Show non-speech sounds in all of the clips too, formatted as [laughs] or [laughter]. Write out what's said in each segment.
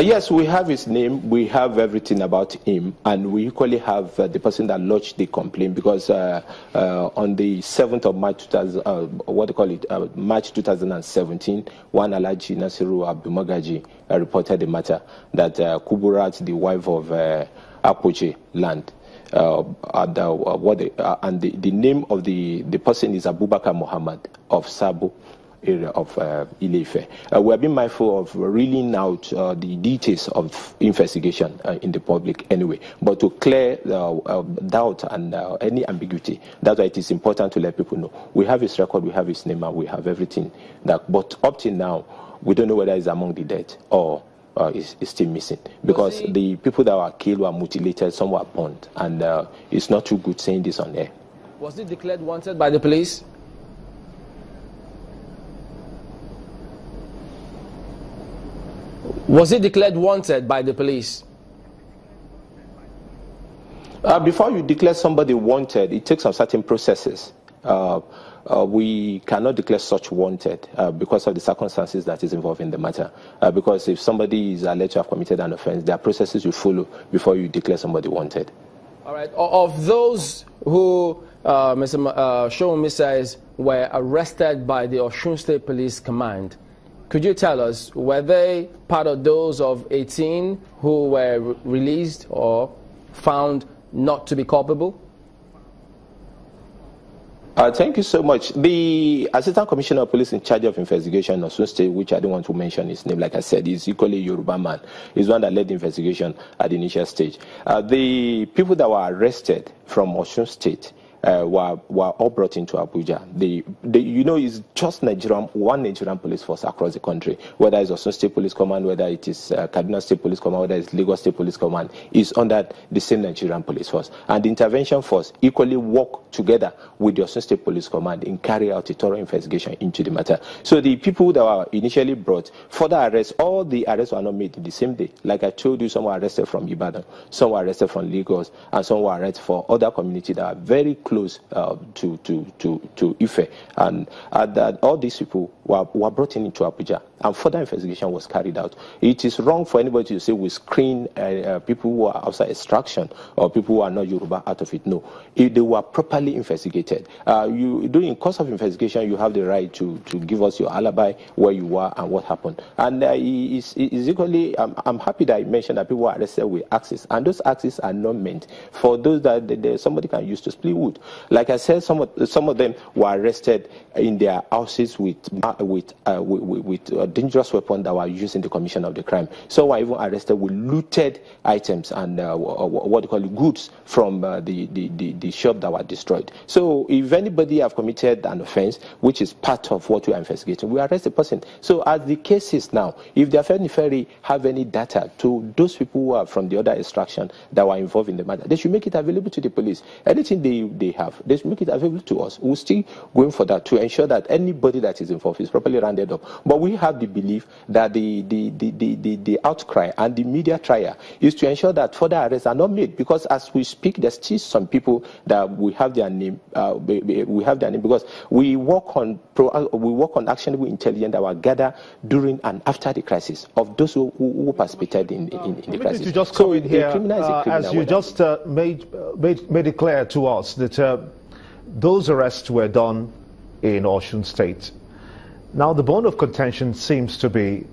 yes, we have his name, we have everything about him, and we equally have uh, the person that lodged the complaint because uh, uh, on the 7th of March, 2000, uh, what do you call it, uh, March 2017, one Alaji Nasiru Abdumagaji uh, reported the matter that uh, Kuburat, the wife of uh, Apoche land, uh, and, uh, what the, uh, and the, the, name of the, the person is Abubakar Muhammad of Sabu area of uh, Ilefe. Uh, we have been mindful of reeling out uh, the details of investigation uh, in the public anyway, but to clear uh, uh, doubt and any ambiguity, that's why it is important to let people know. We have his record, we have his name, and we have everything. That, but up till now, we don't know whether he's among the dead or uh, is, is, still missing because the people that were killed were mutilated, some were burned, and uh, it's not too good saying this on air. Was he declared wanted by the police? Was he declared wanted by the police? Uh, before you declare somebody wanted, it takes some certain processes. Uh, uh, we cannot declare such wanted uh, because of the circumstances that is involved in the matter. Uh, because if somebody is alleged to have committed an offense, there are processes you follow before you declare somebody wanted. All right. Of those who uh, Mr. M uh, were arrested by the Oshun State Police Command, could you tell us, were they part of those of 18 who were released or found not to be culpable? Uh, thank you so much. The Assistant Commissioner of Police in charge of investigation of State, which I don't want to mention his name, like I said, is equally Yoruba man. He's one that led the investigation at the initial stage. Uh, the people that were arrested from Osun State, uh, were, were all brought into Abuja. you know, it's just Nigerian, one Nigerian police force across the country, whether it's Osun State Police Command, whether it is uh, Kaduna State Police Command, whether it's Lagos State Police Command, is under the same Nigerian police force. And the intervention force equally work together with the Osun State Police Command in carry out a thorough investigation into the matter. So the people that were initially brought, for the arrests, all the arrests were not made in the same day. Like I told you, some were arrested from Ibadan, some were arrested from Lagos, and some were arrested for other communities that are very close uh, to, to, to, to Ife. And uh, that all these people were, were brought in into Abuja, and further investigation was carried out. It is wrong for anybody to say we screen uh, uh, people who are outside extraction or people who are not Yoruba out of it. No, if they were properly investigated. you, during course of investigation, you have the right to, to give us your alibi where you were and what happened. And uh, it's, it's equally, I'm, I'm, happy that I mentioned that people are arrested with axes, and those axes are not meant for those that, that, that somebody can use to split wood. Like I said, some of, some of them were arrested in their houses with with uh, with, with uh, dangerous weapons that were used in the commission of the crime. Some were even arrested with looted items and uh, what they call goods from uh, the, the, the, the, shop that were destroyed. So if anybody have committed an offense, which is part of what we are investigating, we arrest the person. So as the cases now, if the Afeni Ferry have any data to those people who are from the other extraction that were involved in the matter, they should make it available to the police. Anything they, they they have. They should make it available to us. We're still going for that to ensure that anybody that is involved is properly rounded up. But we have the belief that the, the, the, the, the, the outcry and the media trial is to ensure that further arrests are not made because as we speak, there's still some people that we have their name, uh, we have their name because we work on pro, uh, we work on actionable intelligence that we gather during and after the crisis of those who, who, who participated in, in, in the crisis. just so in here, uh, as you just uh, made, uh, made made it clear to us that uh, those arrests were done in Osun State. Now, the bone of contention seems to be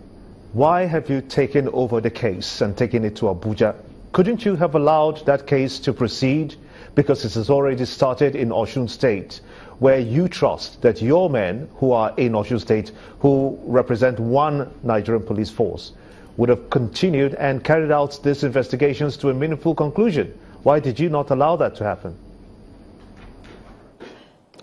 why have you taken over the case and taken it to Abuja? Couldn't you have allowed that case to proceed? Because it has already started in Osun State, where you trust that your men who are in Osun State, who represent one Nigerian police force, would have continued and carried out these investigations to a meaningful conclusion. Why did you not allow that to happen?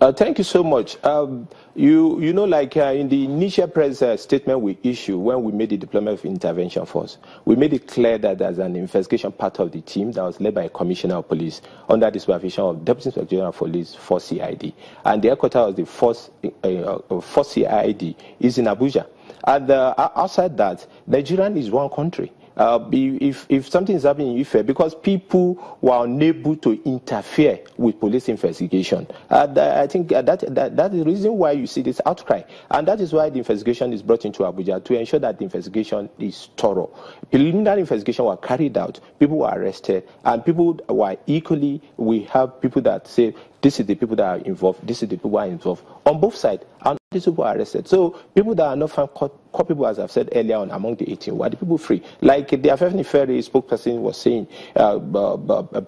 Uh, thank you so much. Um, you, you know, like uh, in the initial press uh, statement we issued when we made the deployment of intervention force, we made it clear that there's an investigation part of the team that was led by a commissioner of police under the supervision of Deputy Inspector General of Police for CID. And the headquarters of the force, uh, uh, for CID is in Abuja. And uh, outside that, Nigeria is one country uh, if, if something is happening in Ife, because people were unable to interfere with police investigation. Uh, I think uh, that, that, that is the reason why you see this outcry. And that is why the investigation is brought into Abuja to ensure that the investigation is thorough. Preliminary investigation were carried out, people were arrested, and people were equally, we have people that say this is the people that are involved, this is the people who are involved on both sides, and these people are arrested. So people that are not found culpable, as I've said earlier on, among the 18, were the people free? Like the Afefni Ferry spokesperson was saying, uh,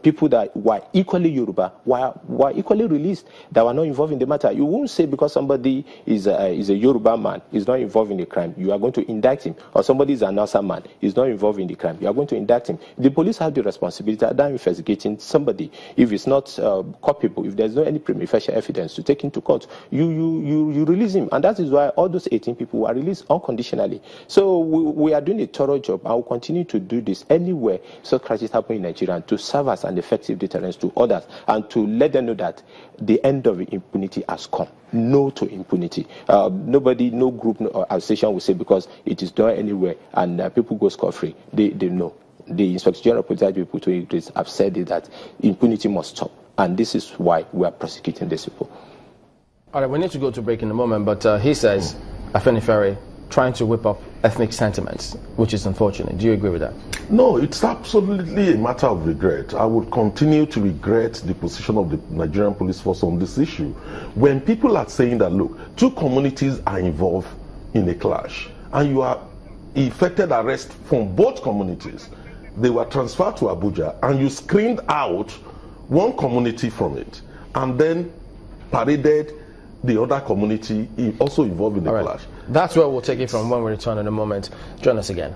people that were equally Yoruba were, were equally released, that were not involved in the matter. You won't say because somebody is a, is a Yoruba man, is not involved in the crime, you are going to indict him, or somebody is an Asa man, is not involved in the crime, you are going to indict him. The police have the responsibility of investigating somebody if it's not uh, culpable, if they there's no any prima facie evidence to take into court, you, you, you, you release him. And that is why all those 18 people were released unconditionally. So we, we are doing a thorough job I will continue to do this anywhere such crises happen in Nigeria to serve as an effective deterrence to others and to let them know that the end of impunity has come. No to impunity. Uh, nobody, no group no, association will say because it is done anywhere and uh, people go scot-free. They, they know. The Inspector General of Police people to increase have said that impunity must stop. And this is why we are prosecuting these people. All right, we need to go to break in a moment, but uh, he says, Afenifere trying to whip up ethnic sentiments, which is unfortunate. Do you agree with that? No, it's absolutely a matter of regret. I would continue to regret the position of the Nigerian police force on this issue. When people are saying that, look, two communities are involved in a clash, and you are effected arrest from both communities, they were transferred to Abuja, and you screened out one community from it and then paraded the other community also involved in the right. clash. That's where we'll take it from when we return in a moment. Join us again.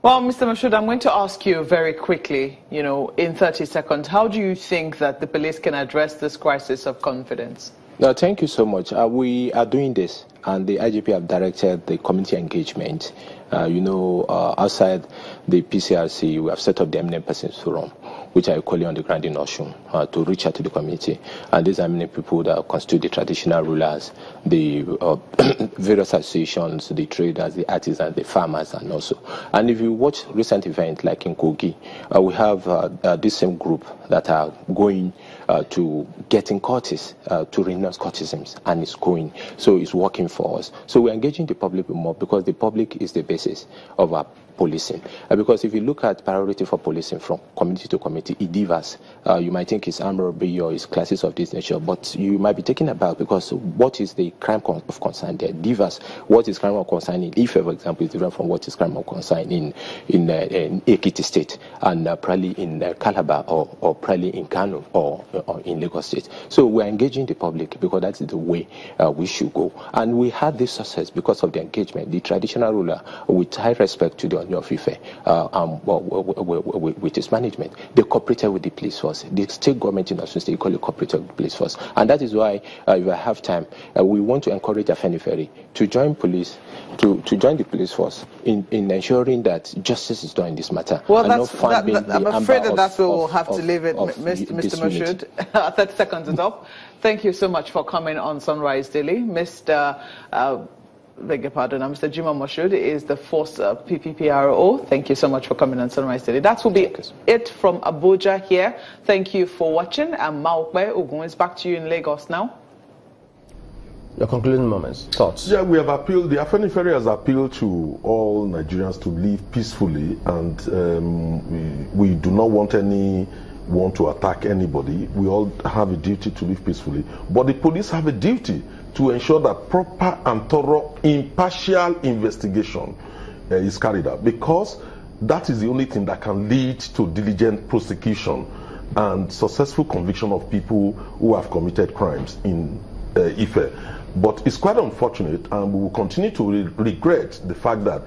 Well, Mr. Mashud, I'm going to ask you very quickly, you know, in 30 seconds, how do you think that the police can address this crisis of confidence? No, thank you so much. Uh, we are doing this and the IGP have directed the community engagement. Uh, you know, uh, outside the PCRC, we have set up the Eminent Persons Forum, which are equally on the ground in Oshun, uh, to reach out to the community. And these are many people that constitute the traditional rulers, the uh, [coughs] various associations, the traders, the artisans, the farmers, and also. And if you watch recent events like in Kogi, uh, we have uh, this same group that are going to getting courtes to renounce courtesans, and it's going. So it's working for us. So we're engaging the public more because the public is the basis of our policing. Uh, because if you look at priority for policing from community to community, it differs. Uh, you might think it's armed robbery or it's classes of this nature, but you might be taken aback because what is the crime of concern there differs. What is crime of concern in Ife, for example, is different from what is crime of concern in in, uh, in Ekiti State and uh, probably in uh, Calabar or, or probably in Kano or, or, in Lagos State. So we're engaging the public because that's the way we should go. And we had this success because of the engagement. The traditional ruler, with high respect to the of FIFA, uh, um, well, with, with management. They cooperated with the police force. The state government in the State equally cooperated with the police force. And that is why, uh, if I have time, uh, we want to encourage Afeni Afeniferi to join police, to, to join the police force in, in ensuring that justice is done in this matter. Well, that's, that, that, I'm afraid that that's where we'll have of, to leave it, Mr. Mr. Mashud. [laughs] Uh, 30 seconds is up. Thank you so much for coming on Sunrise Daily. Mr. Uh, beg your pardon, uh, I'm Mr. Juma Moshud is the force uh, PPPRO. Thank you so much for coming on Sunrise today. That will be it from Abuja here. Thank you for watching. And Maokbe Ugun. is back to you in Lagos now. Your concluding moments, thoughts? Yeah, we have appealed, the Afenifere has appealed to all Nigerians to live peacefully and um, we, we do not want any want to attack anybody. We all have a duty to live peacefully. But the police have a duty to ensure that proper and thorough impartial investigation uh, is carried out because that is the only thing that can lead to diligent prosecution and successful conviction of people who have committed crimes in uh, Ife. But it's quite unfortunate, and we will continue to re regret the fact that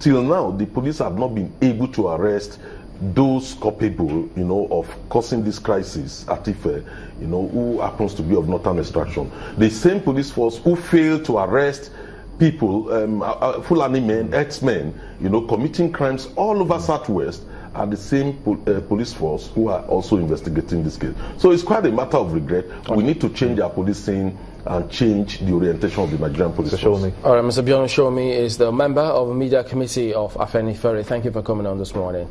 till now the police have not been able to arrest those culpable, you know, of causing this crisis at Ife, you know, who happens to be of northern extraction, the same police force who failed to arrest people, um, uh, uh Fulani men, ex-men, you know, committing crimes all over Southwest are the same pol uh, police force who are also investigating this case. So it's quite a matter of regret. We need to change our policing and change the orientation of the Nigerian police Show me, All right, Mr. Bjorn Shomi is the member of the media committee of Afeni Ferry. Thank you for coming on this morning.